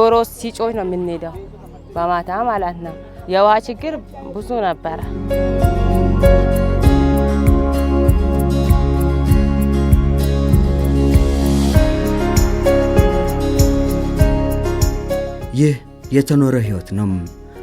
ዶሮ ሲጮች ነው የምንሄደው፣ በማታ ማለት ነው። የውሃ ችግር ብዙ ነበረ። ይህ የተኖረ ህይወት ነው።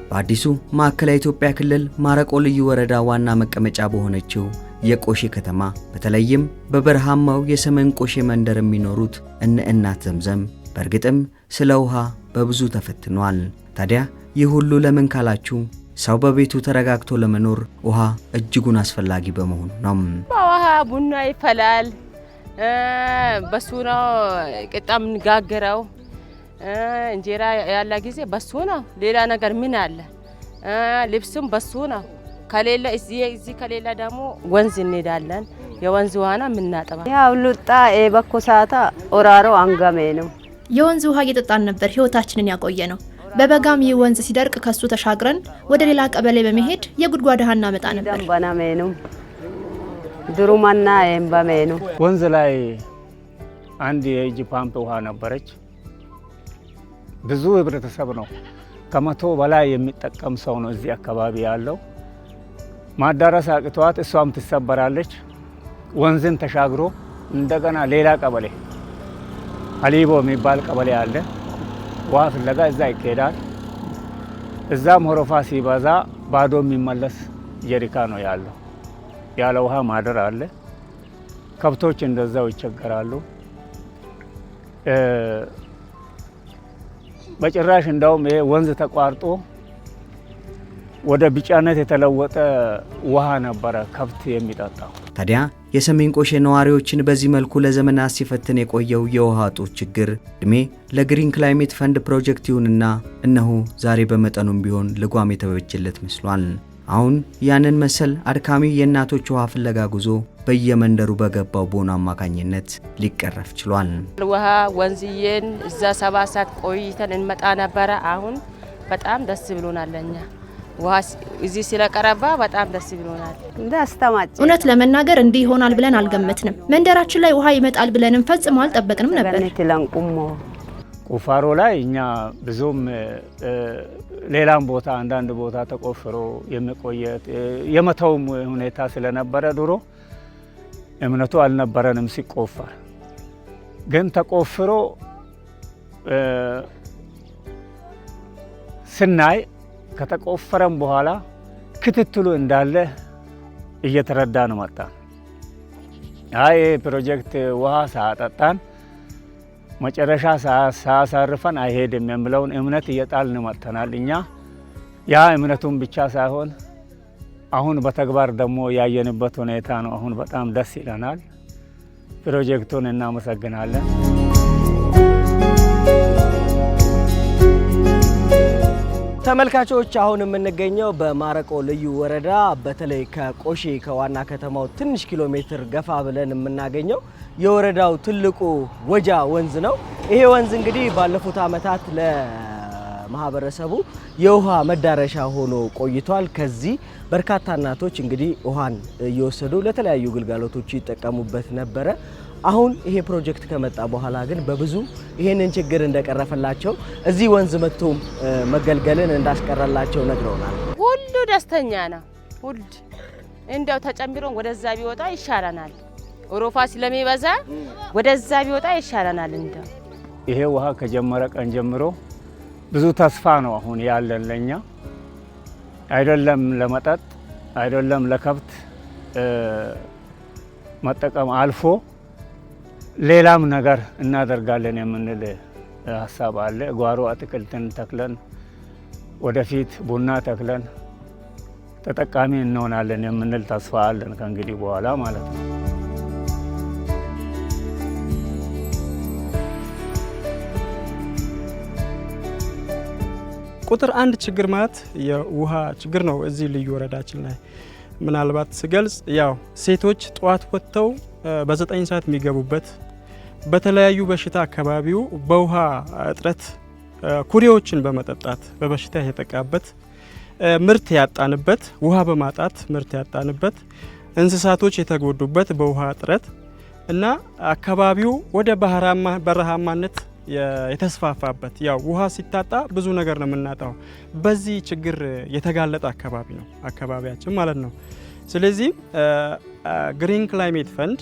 በአዲሱ ማዕከላዊ ኢትዮጵያ ክልል ማረቆ ልዩ ወረዳ ዋና መቀመጫ በሆነችው የቆሼ ከተማ በተለይም በበረሃማው የሰሜን ቆሼ መንደር የሚኖሩት እነ እናት ዘምዘም በእርግጥም ስለ ውሃ በብዙ ተፈትኗል። ታዲያ ይህ ሁሉ ለምን ካላችሁ ሰው በቤቱ ተረጋግቶ ለመኖር ውሃ እጅጉን አስፈላጊ በመሆኑ ነው። በውሃ ቡና ይፈላል፣ በሱ ነው ቅጣ የምንጋገረው። እንጀራ ያለ ጊዜ በሱ ነው። ሌላ ነገር ምን አለ? ልብስም በሱ ነው። ከሌለ እዚህ ከሌለ ደግሞ ወንዝ እንሄዳለን። የወንዝ ውሃና የምናጠባ ያው ሉጣ በኮ ሳታ ኦራሮ አንገሜ ነው የወንዝ ውሃ እየጠጣን ነበር ህይወታችንን ያቆየ ነው። በበጋም ይህ ወንዝ ሲደርቅ ከሱ ተሻግረን ወደ ሌላ ቀበሌ በመሄድ የጉድጓድ ውሃ እናመጣ ነበር። ድሩማና ኤምባሜ ነው። ወንዝ ላይ አንድ የእጅ ፓምፕ ውሃ ነበረች። ብዙ ህብረተሰብ ነው ከመቶ በላይ የሚጠቀም ሰው ነው እዚህ አካባቢ ያለው። ማዳረስ አቅቷት እሷም ትሰበራለች። ወንዝን ተሻግሮ እንደገና ሌላ ቀበሌ አሊቦ የሚባል ቀበሌ አለ። ውሃ ፍለጋ እዛ ይካሄዳል። እዛም ሆሮፋ ሲበዛ ባዶ የሚመለስ ጀሪካ ነው ያለው። ያለ ውሃ ማደር አለ። ከብቶች እንደዛው ይቸገራሉ። በጭራሽ እንደውም ይሄ ወንዝ ተቋርጦ ወደ ቢጫነት የተለወጠ ውሃ ነበረ ከብት የሚጠጣው። ታዲያ የሰሜን ቆሼ ነዋሪዎችን በዚህ መልኩ ለዘመናት ሲፈትን የቆየው የውሃ ጡት ችግር ዕድሜ ለግሪን ክላይሜት ፈንድ ፕሮጀክት ይሁንና እነሆ ዛሬ በመጠኑም ቢሆን ልጓም የተበጀለት መስሏል። አሁን ያንን መሰል አድካሚ የእናቶች ውሃ ፍለጋ ጉዞ በየመንደሩ በገባው ቦኖ አማካኝነት ሊቀረፍ ችሏል። ውሃ ወንዝዬን እዛ ሰባት ሰዓት ቆይተን እንመጣ ነበረ። አሁን በጣም ደስ ብሎናል ውሃ እዚህ ስለቀረባ በጣም ደስ ብሎናል። እውነት ለመናገር እንዲህ ይሆናል ብለን አልገመትንም። መንደራችን ላይ ውሃ ይመጣል ብለንም ፈጽሞ አልጠበቅንም ነበር። ቁፋሮ ላይ እኛ ብዙም ሌላም ቦታ አንዳንድ ቦታ ተቆፍሮ የመቆየት የመተውም ሁኔታ ስለነበረ ድሮ እምነቱ አልነበረንም ሲቆፈር። ግን ተቆፍሮ ስናይ ከተቆፈረም በኋላ ክትትሉ እንዳለ እየተረዳን መጣን። አይ ፕሮጀክት ውሃ ሳያጠጣን መጨረሻ ሳያሳርፈን አይሄድም የሚለውን እምነት እየጣልን መጥተናል። እኛ ያ እምነቱን ብቻ ሳይሆን አሁን በተግባር ደግሞ ያየንበት ሁኔታ ነው። አሁን በጣም ደስ ይለናል። ፕሮጀክቱን እናመሰግናለን። ተመልካቾች አሁን የምንገኘው በማረቆ ልዩ ወረዳ በተለይ ከቆሼ ከዋና ከተማው ትንሽ ኪሎ ሜትር ገፋ ብለን የምናገኘው የወረዳው ትልቁ ወጃ ወንዝ ነው። ይሄ ወንዝ እንግዲህ ባለፉት ዓመታት ለማህበረሰቡ የውሃ መዳረሻ ሆኖ ቆይቷል። ከዚህ በርካታ እናቶች እንግዲህ ውሃን እየወሰዱ ለተለያዩ ግልጋሎቶች ይጠቀሙበት ነበረ። አሁን ይሄ ፕሮጀክት ከመጣ በኋላ ግን በብዙ ይሄንን ችግር እንደቀረፈላቸው እዚህ ወንዝ መጥቶ መገልገልን እንዳስቀረላቸው ነግረውናል። ሁሉ ደስተኛ ነው። ሁሉ እንደው ተጨምሮ ወደዛ ቢወጣ ይሻለናል። ኦሮፋ ስለሚበዛ ወደዛ ቢወጣ ይሻለናል። እንደው ይሄ ውሃ ከጀመረ ቀን ጀምሮ ብዙ ተስፋ ነው አሁን ያለን ለእኛ አይደለም ለመጠጥ አይደለም ለከብት መጠቀም አልፎ ሌላም ነገር እናደርጋለን የምንል ሀሳብ አለ። ጓሮ አትክልትን ተክለን ወደፊት ቡና ተክለን ተጠቃሚ እንሆናለን የምንል ተስፋ አለን ከእንግዲህ በኋላ ማለት ነው። ቁጥር አንድ ችግር ማለት የውሃ ችግር ነው። እዚህ ልዩ ወረዳችን ላይ ምናልባት ስገልጽ ያው ሴቶች ጠዋት ወጥተው በዘጠኝ ሰዓት የሚገቡበት በተለያዩ በሽታ አካባቢው በውሃ እጥረት ኩሬዎችን በመጠጣት በበሽታ የተጠቃበት ምርት ያጣንበት ውሃ በማጣት ምርት ያጣንበት እንስሳቶች የተጎዱበት በውሃ እጥረት እና አካባቢው ወደ በረሃማነት የተስፋፋበት ያው ውሃ ሲታጣ ብዙ ነገር ነው የምናጣው። በዚህ ችግር የተጋለጠ አካባቢ ነው አካባቢያችን ማለት ነው። ስለዚህ ግሪን ክላይሜት ፈንድ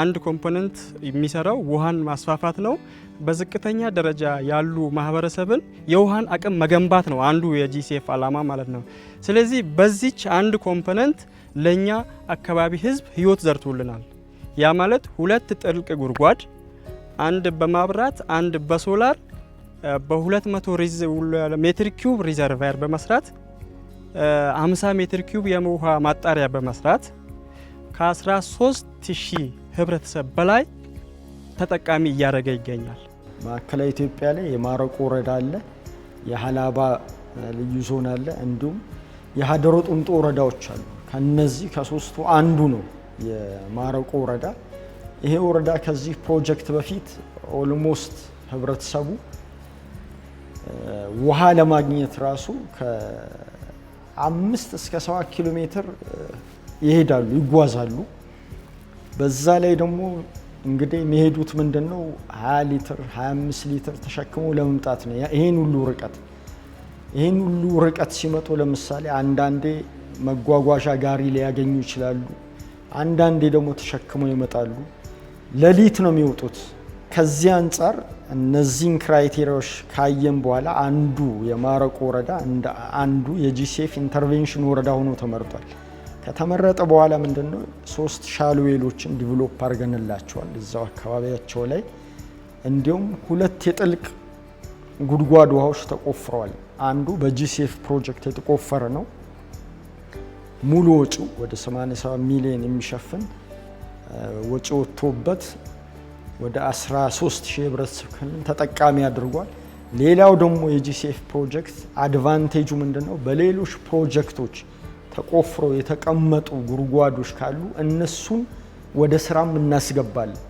አንድ ኮምፖነንት የሚሰራው ውሃን ማስፋፋት ነው። በዝቅተኛ ደረጃ ያሉ ማህበረሰብን የውሃን አቅም መገንባት ነው አንዱ የጂሲኤፍ ዓላማ ማለት ነው። ስለዚህ በዚች አንድ ኮምፖነንት ለእኛ አካባቢ ህዝብ ህይወት ዘርቶልናል። ያ ማለት ሁለት ጥልቅ ጉድጓድ አንድ በማብራት አንድ በሶላር በ200 ሜትር ኪዩብ ሪዘርቫየር በመስራት 50 ሜትር ኪዩብ የውሃ ማጣሪያ በመስራት ከ13 ሺህ ህብረተሰብ በላይ ተጠቃሚ እያደረገ ይገኛል። ማዕከላዊ ኢትዮጵያ ላይ የማረቆ ወረዳ አለ፣ የሀላባ ልዩ ዞን አለ፣ እንዲሁም የሀደሮ ጡንጦ ወረዳዎች አሉ። ከነዚህ ከሶስቱ አንዱ ነው የማረቆ ወረዳ። ይሄ ወረዳ ከዚህ ፕሮጀክት በፊት ኦልሞስት ህብረተሰቡ ውሃ ለማግኘት ራሱ ከአምስት እስከ ሰባት ኪሎ ሜትር ይሄዳሉ ይጓዛሉ። በዛ ላይ ደግሞ እንግዲህ የሚሄዱት ምንድን ነው 20 ሊትር 25 ሊትር ተሸክመው ለመምጣት ነው። ይሄን ሁሉ ርቀት ይሄን ሁሉ ርቀት ሲመጡ ለምሳሌ አንዳንዴ መጓጓዣ ጋሪ ሊያገኙ ይችላሉ። አንዳንዴ ደግሞ ተሸክመው ይመጣሉ። ለሊት ነው የሚወጡት። ከዚህ አንጻር እነዚህን ክራይቴሪያዎች ካየን በኋላ አንዱ የማረቆ ወረዳ እንደ አንዱ የጂሴፍ ኢንተርቬንሽን ወረዳ ሆኖ ተመርጧል። ከተመረጠ በኋላ ምንድን ነው ሶስት ሻልዌሎችን ዲቨሎፕ አድርገንላቸዋል እዛው አካባቢያቸው ላይ እንዲሁም ሁለት የጥልቅ ጉድጓድ ውሃዎች ተቆፍረዋል። አንዱ በጂሴፍ ፕሮጀክት የተቆፈረ ነው ሙሉ ወጪው ወደ 87 ሚሊዮን የሚሸፍን ወጪ ወጥቶበት ወደ 13 ሺህ ህብረተሰብን ተጠቃሚ አድርጓል። ሌላው ደግሞ የጂሲኤፍ ፕሮጀክት አድቫንቴጁ ምንድን ነው? በሌሎች ፕሮጀክቶች ተቆፍረው የተቀመጡ ጉድጓዶች ካሉ እነሱን ወደ ስራም እናስገባለን።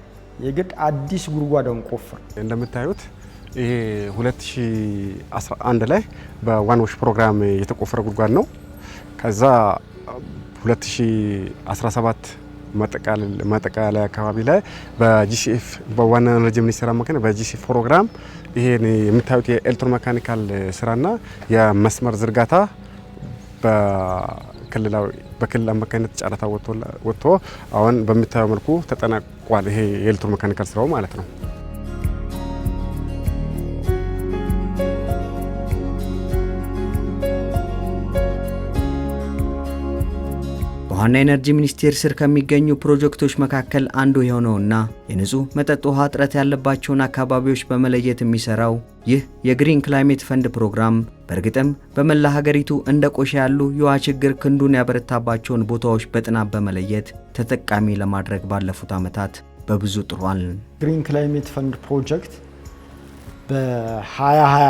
የግድ አዲስ ጉድጓድ አንቆፍር። እንደምታዩት ይሄ 2011 ላይ በዋን ዎሽ ፕሮግራም የተቆፈረ ጉድጓድ ነው። ከዛ 2017 ማጠቃለያ አካባቢ ላይ በጂሲኤፍ በዋና ኤነርጂ ሚኒስቴር በጂሲኤፍ ፕሮግራም ይሄን የምታዩት የኤሌክትሮሜካኒካል ስራና የመስመር ዝርጋታ በክልል አማካኝነት ጨረታ ወጥቶ አሁን በሚታየው መልኩ ተጠናቋል። ይሄ የኤሌክትሮሜካኒካል ስራው ማለት ነው። በውሃና ኤነርጂ ሚኒስቴር ስር ከሚገኙ ፕሮጀክቶች መካከል አንዱ የሆነውና የንጹህ መጠጥ ውሃ እጥረት ያለባቸውን አካባቢዎች በመለየት የሚሰራው ይህ የግሪን ክላይሜት ፈንድ ፕሮግራም በእርግጥም በመላ ሀገሪቱ እንደ ቆሻ ያሉ የውሃ ችግር ክንዱን ያበረታባቸውን ቦታዎች በጥናት በመለየት ተጠቃሚ ለማድረግ ባለፉት ዓመታት በብዙ ጥሯል። ግሪን ክላይሜት ፈንድ ፕሮጀክት በ2020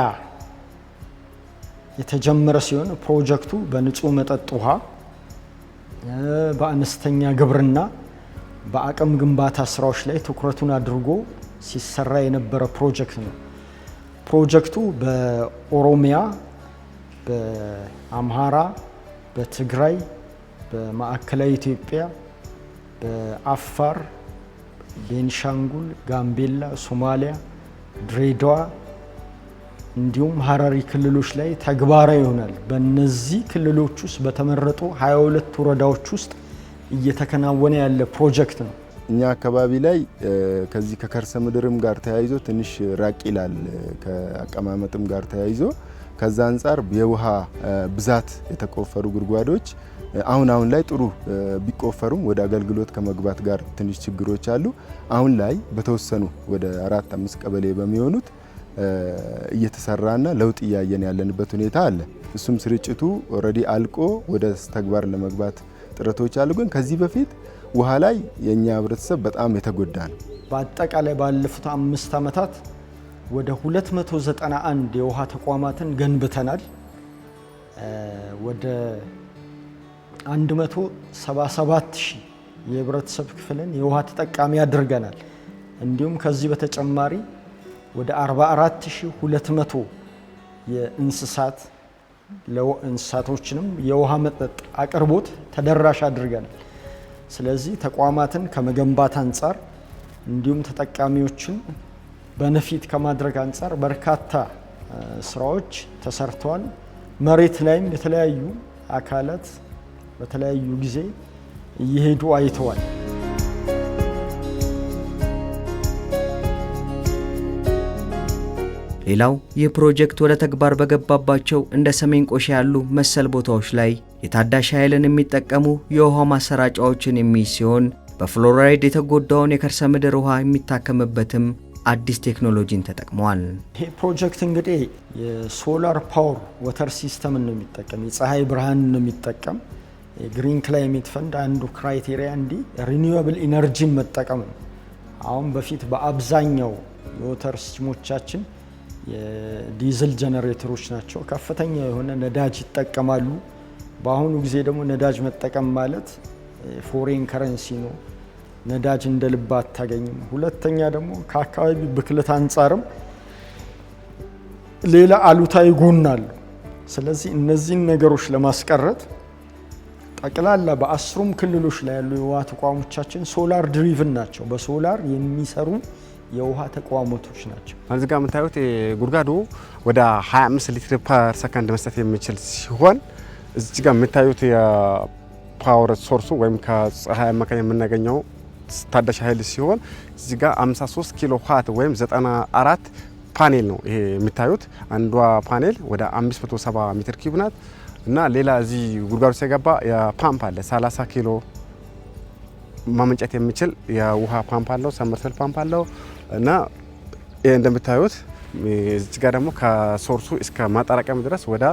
የተጀመረ ሲሆን ፕሮጀክቱ በንጹህ መጠጥ ውሃ በአነስተኛ ግብርና፣ በአቅም ግንባታ ስራዎች ላይ ትኩረቱን አድርጎ ሲሰራ የነበረ ፕሮጀክት ነው። ፕሮጀክቱ በኦሮሚያ፣ በአምሃራ፣ በትግራይ፣ በማዕከላዊ ኢትዮጵያ፣ በአፋር፣ ቤንሻንጉል፣ ጋምቤላ፣ ሶማሊያ፣ ድሬዳዋ እንዲሁም ሀረሪ ክልሎች ላይ ተግባራዊ ይሆናል። በነዚህ ክልሎች ውስጥ በተመረጡ 22 ወረዳዎች ውስጥ እየተከናወነ ያለ ፕሮጀክት ነው። እኛ አካባቢ ላይ ከዚህ ከከርሰ ምድርም ጋር ተያይዞ ትንሽ ራቅ ይላል፣ ከአቀማመጥም ጋር ተያይዞ ከዛ አንጻር የውሃ ብዛት የተቆፈሩ ጉድጓዶች አሁን አሁን ላይ ጥሩ ቢቆፈሩም ወደ አገልግሎት ከመግባት ጋር ትንሽ ችግሮች አሉ። አሁን ላይ በተወሰኑ ወደ አራት አምስት ቀበሌ በሚሆኑት እየተሰራና ለውጥ እያየን ያለንበት ሁኔታ አለ። እሱም ስርጭቱ ኦልሬዲ አልቆ ወደ ተግባር ለመግባት ጥረቶች አሉ። ግን ከዚህ በፊት ውሃ ላይ የእኛ ህብረተሰብ በጣም የተጎዳ ነው። በአጠቃላይ ባለፉት አምስት ዓመታት ወደ 291 የውሃ ተቋማትን ገንብተናል። ወደ 177 ሺህ የህብረተሰብ ክፍልን የውሃ ተጠቃሚ አድርገናል። እንዲሁም ከዚህ በተጨማሪ ወደ 44200 የእንስሳት እንስሳቶችንም የውሃ መጠጥ አቅርቦት ተደራሽ አድርገናል። ስለዚህ ተቋማትን ከመገንባት አንጻር እንዲሁም ተጠቃሚዎችን በነፊት ከማድረግ አንጻር በርካታ ስራዎች ተሰርተዋል። መሬት ላይም የተለያዩ አካላት በተለያዩ ጊዜ እየሄዱ አይተዋል። ሌላው ይህ ፕሮጀክት ወደ ተግባር በገባባቸው እንደ ሰሜን ቆሻ ያሉ መሰል ቦታዎች ላይ የታዳሽ ኃይልን የሚጠቀሙ የውሃ ማሰራጫዎችን የሚይዝ ሲሆን በፍሎራይድ የተጎዳውን የከርሰ ምድር ውሃ የሚታከምበትም አዲስ ቴክኖሎጂን ተጠቅመዋል። ይህ ፕሮጀክት እንግዲህ የሶላር ፓወር ወተር ሲስተምን ነው የሚጠቀም፣ የፀሐይ ብርሃን ነው የሚጠቀም። የግሪን ክላይሜት ፈንድ አንዱ ክራይቴሪያ እንዲህ ሪኒዌብል ኢነርጂን መጠቀም ነው። አሁን በፊት በአብዛኛው የወተር ሲስተሞቻችን የዲዝል ጀነሬተሮች ናቸው። ከፍተኛ የሆነ ነዳጅ ይጠቀማሉ። በአሁኑ ጊዜ ደግሞ ነዳጅ መጠቀም ማለት ፎሬን ከረንሲ ነው። ነዳጅ እንደ ልብ አታገኝም። ሁለተኛ ደግሞ ከአካባቢ ብክለት አንጻርም ሌላ አሉታዊ ጎን አሉ። ስለዚህ እነዚህን ነገሮች ለማስቀረት ጠቅላላ በአስሩም ክልሎች ላይ ያሉ የውሃ ተቋሞቻችን ሶላር ድሪቭን ናቸው። በሶላር የሚሰሩ የውሃ ተቋሞቶች ናቸው። እዚህ ጋር የምታዩት ጉድጓዱ ወደ 25 ሊትር ፐር ሰከንድ መስጠት የሚችል ሲሆን እዚ ጋር የምታዩት የፓወር ሶርሱ ወይም ከፀሐይ አማካኝ የምናገኘው ታዳሽ ኃይል ሲሆን እዚ ጋር 53 ኪሎ ዋት ወይም 94 ፓኔል ነው ይሄ የምታዩት። አንዷ ፓኔል ወደ 570 ሜትር ኪዩብ ናት እና ሌላ እዚህ ጉድጓዱ ሲገባ የፓምፕ አለ 30 ኪሎ ማመንጨት የሚችል የውሃ ፓምፕ አለው፣ ሰመርሰል ፓምፕ አለው። እና ይህ እንደምታዩት እዚህ ጋር ደግሞ ከሶርሱ እስከ ማጠራቀም ድረስ ወደ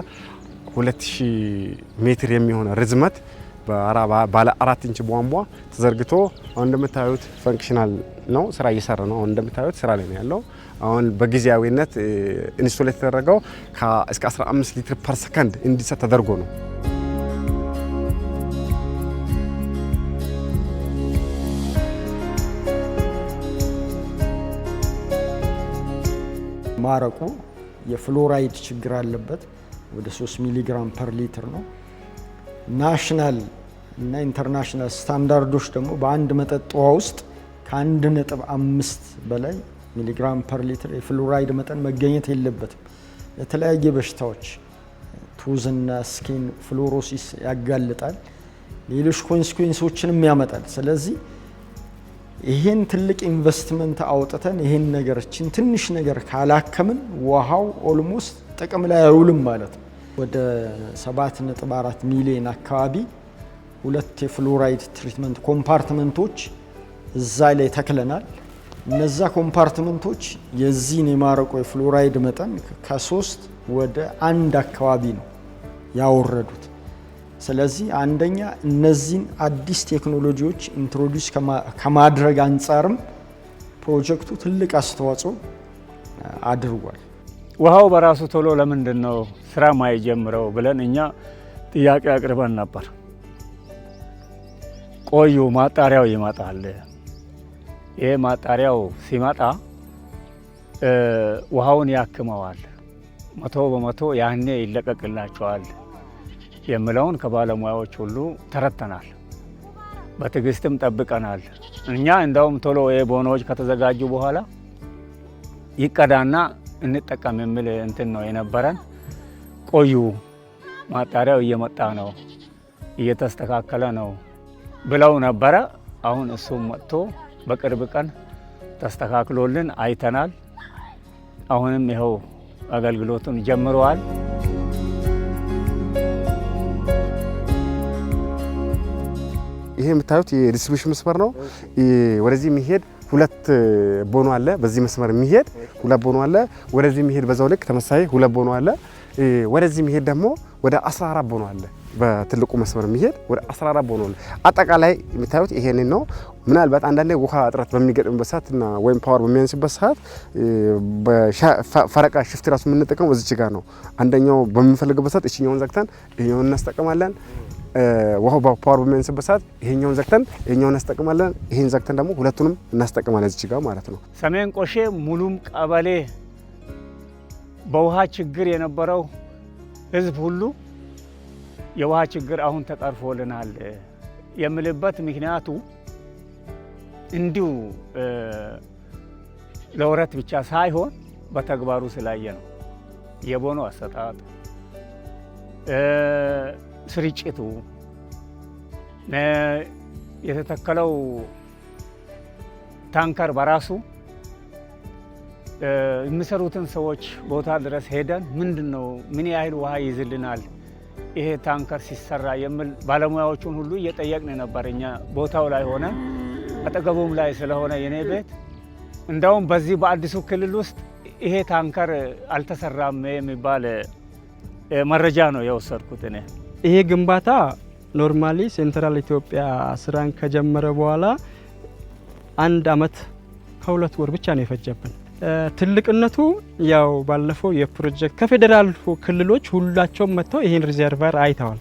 2000 ሜትር የሚሆነ ርዝመት ባለ አራት ኢንች ቧንቧ ተዘርግቶ አሁን እንደምታዩት ፈንክሽናል ነው፣ ስራ እየሰራ ነው። አሁን እንደምታዩት ስራ ላይ ነው ያለው። አሁን በጊዜያዊነት ኢንስቶል የተደረገው እስከ 15 ሊትር ፐር ሰከንድ እንዲሰጥ ተደርጎ ነው። ማረቁ የፍሎራይድ ችግር አለበት። ወደ 3 ሚሊግራም ፐር ሊትር ነው። ናሽናል እና ኢንተርናሽናል ስታንዳርዶች ደግሞ በአንድ መጠጥ ውሃ ውስጥ ከአንድ ነጥብ አምስት በላይ ሚሊግራም ፐር ሊትር የፍሎራይድ መጠን መገኘት የለበትም። ለተለያየ በሽታዎች ቱዝና ስኪን ፍሎሮሲስ ያጋልጣል፣ ሌሎች ኮንስኩንሶችንም ያመጣል። ስለዚህ ይሄን ትልቅ ኢንቨስትመንት አውጥተን ይህን ነገርችን ትንሽ ነገር ካላከምን ውሃው ኦልሞስት ጥቅም ላይ አይውልም ማለት ነው። ወደ 7.4 ሚሊዮን አካባቢ ሁለት የፍሎራይድ ትሪትመንት ኮምፓርትመንቶች እዛ ላይ ተክለናል። እነዛ ኮምፓርትመንቶች የዚህን የማረቆ የፍሎራይድ መጠን ከሶስት ወደ አንድ አካባቢ ነው ያወረዱት። ስለዚህ አንደኛ እነዚህን አዲስ ቴክኖሎጂዎች ኢንትሮዲስ ከማድረግ አንጻርም ፕሮጀክቱ ትልቅ አስተዋጽኦ አድርጓል። ውሃው በራሱ ቶሎ ለምንድን ነው ስራ ማይጀምረው ብለን እኛ ጥያቄ አቅርበን ነበር። ቆዩ ማጣሪያው ይመጣል። ይሄ ማጣሪያው ሲመጣ ውሃውን ያክመዋል። መቶ በመቶ ያኔ ይለቀቅላቸዋል የምለውን ከባለሙያዎች ሁሉ ተረተናል። በትዕግስትም ጠብቀናል። እኛ እንዳውም ቶሎ ቦኖዎች ከተዘጋጁ በኋላ ይቀዳና እንጠቀም የሚል እንትን ነው የነበረን። ቆዩ ማጣሪያው እየመጣ ነው እየተስተካከለ ነው ብለው ነበረ። አሁን እሱም መጥቶ በቅርብ ቀን ተስተካክሎልን አይተናል። አሁንም ይኸው አገልግሎቱን ጀምረዋል። ይሄ የምታዩት የዲስትሪቢሽን መስመር ነው። ወደዚህ የሚሄድ ሁለት ቦኖ አለ። በዚህ መስመር የሚሄድ ሁለት ቦኖ አለ። ወደዚህ የሚሄድ በዛው ልክ ተመሳሳይ ሁለት ቦኖ አለ። ወደዚህ የሚሄድ ደግሞ ወደ 14 ቦኖ አለ። በትልቁ መስመር የሚሄድ ወደ 14 ቦኖ አለ። አጠቃላይ የምታዩት ይሄንን ነው። ምናልባት አንዳንዴ ውሃ እጥረት በሚገጥምበት ሰዓትና ወይም ፓወር በሚያንስበት ሰዓት ፈረቃ ሽፍት ራሱ የምንጠቀመው እዚች ጋር ነው። አንደኛው በምንፈልግበት ሰዓት እችኛውን ዘግተን ይሄኛውን እናስጠቀማለን። ውሃው ፓወር በሚያንስበት ሰዓት ይሄኛውን ዘግተን ይሄኛውን እናስጠቅማለን፣ ይህን ዘግተን ደግሞ ሁለቱንም እናስጠቅማለን እዚህ ጋር ማለት ነው። ሰሜን ቆሼ ሙሉም ቀበሌ በውሃ ችግር የነበረው ህዝብ ሁሉ የውሃ ችግር አሁን ተቀርፎልናል የምልበት ምክንያቱ እንዲሁ ለውረት ብቻ ሳይሆን በተግባሩ ስላየ ነው። የቦኖ አሰጣጥ ስርጭቱ የተተከለው ታንከር በራሱ የሚሰሩትን ሰዎች ቦታ ድረስ ሄደን ምንድን ነው ምን ያህል ውሃ ይዝልናል ይሄ ታንከር ሲሰራ የሚል ባለሙያዎቹን ሁሉ እየጠየቅን ነበር። እኛ ቦታው ላይ ሆነ አጠገቡም ላይ ስለሆነ የኔ ቤት እንደውም በዚህ በአዲሱ ክልል ውስጥ ይሄ ታንከር አልተሰራም የሚባል መረጃ ነው የወሰድኩት እኔ። ይሄ ግንባታ ኖርማሊ ሴንትራል ኢትዮጵያ ስራን ከጀመረ በኋላ አንድ አመት ከሁለት ወር ብቻ ነው የፈጀብን። ትልቅነቱ ያው ባለፈው የፕሮጀክት ከፌዴራል ክልሎች ሁላቸውም መጥተው ይህን ሪዘርቫር አይተዋል።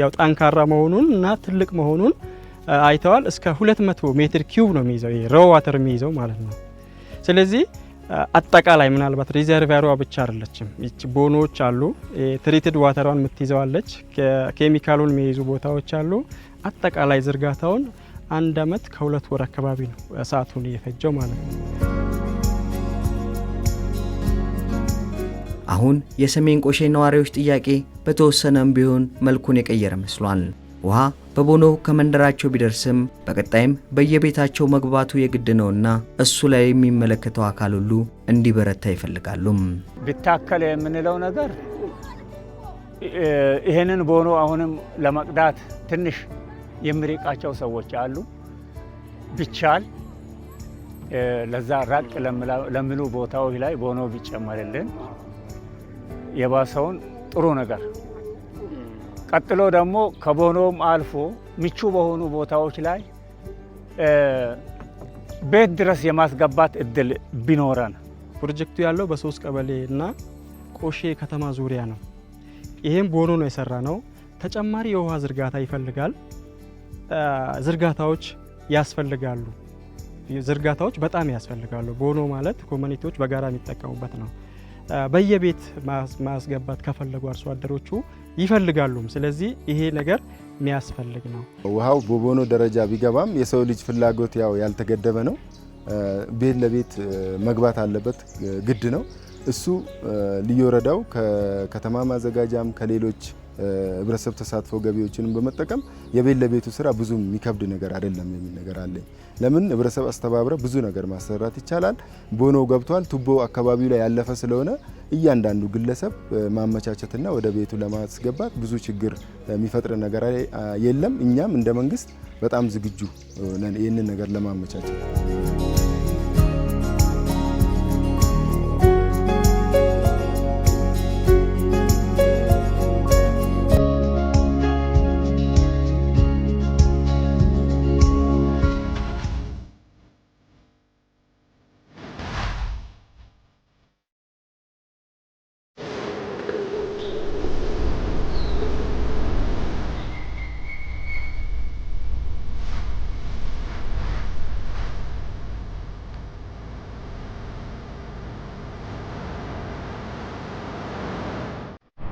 ያው ጠንካራ መሆኑን እና ትልቅ መሆኑን አይተዋል። እስከ 200 ሜትር ኪዩብ ነው የሚይዘው፣ ሮ ዋተር የሚይዘው ማለት ነው። ስለዚህ አጠቃላይ ምናልባት ሪዘርቫሯ ብቻ አይደለችም። ይቺ ቦኖዎች አሉ፣ ትሪትድ ዋተሯን የምትይዘዋለች፣ ኬሚካሉን የሚይዙ ቦታዎች አሉ። አጠቃላይ ዝርጋታውን አንድ አመት ከሁለት ወር አካባቢ ነው ሰዓቱን እየፈጀው ማለት ነው። አሁን የሰሜን ቆሼ ነዋሪዎች ጥያቄ በተወሰነም ቢሆን መልኩን የቀየረ መስሏል። ውሃ በቦኖ ከመንደራቸው ቢደርስም በቀጣይም በየቤታቸው መግባቱ የግድ ነውና እሱ ላይ የሚመለከተው አካል ሁሉ እንዲበረታ ይፈልጋሉ። ቢታከለ የምንለው ነገር ይህንን ቦኖ አሁንም ለመቅዳት ትንሽ የሚርቃቸው ሰዎች አሉ። ቢቻል ለዛ ራቅ ለሚሉ ቦታዎች ላይ ቦኖ ቢጨመርልን የባሰውን ጥሩ ነገር ቀጥሎ ደግሞ ከቦኖም አልፎ ምቹ በሆኑ ቦታዎች ላይ ቤት ድረስ የማስገባት እድል ቢኖረን። ፕሮጀክቱ ያለው በሶስት ቀበሌ እና ቆሼ ከተማ ዙሪያ ነው። ይህም ቦኖ ነው የሰራ ነው። ተጨማሪ የውሃ ዝርጋታ ይፈልጋል። ዝርጋታዎች ያስፈልጋሉ። ዝርጋታዎች በጣም ያስፈልጋሉ። ቦኖ ማለት ኮሚኒቲዎች በጋራ የሚጠቀሙበት ነው። በየቤት ማስገባት ከፈለጉ አርሶ አደሮቹ ይፈልጋሉም። ስለዚህ ይሄ ነገር የሚያስፈልግ ነው። ውሃው በቦኖ ደረጃ ቢገባም የሰው ልጅ ፍላጎት ያው ያልተገደበ ነው። ቤት ለቤት መግባት አለበት፣ ግድ ነው። እሱ ልዩ ወረዳው ከከተማ ማዘጋጃም ከሌሎች ህብረተሰብ ተሳትፎ ገቢዎችንም በመጠቀም የቤት ለቤቱ ስራ ብዙ የሚከብድ ነገር አይደለም የሚል ነገር አለኝ። ለምን ህብረተሰብ አስተባብረ ብዙ ነገር ማሰራት ይቻላል። ቦኖ ገብቷል። ቱቦ አካባቢው ላይ ያለፈ ስለሆነ እያንዳንዱ ግለሰብ ማመቻቸትና ወደ ቤቱ ለማስገባት ብዙ ችግር የሚፈጥር ነገር የለም። እኛም እንደ መንግስት በጣም ዝግጁ ነን ይህንን ነገር ለማመቻቸት።